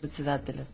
Председателят.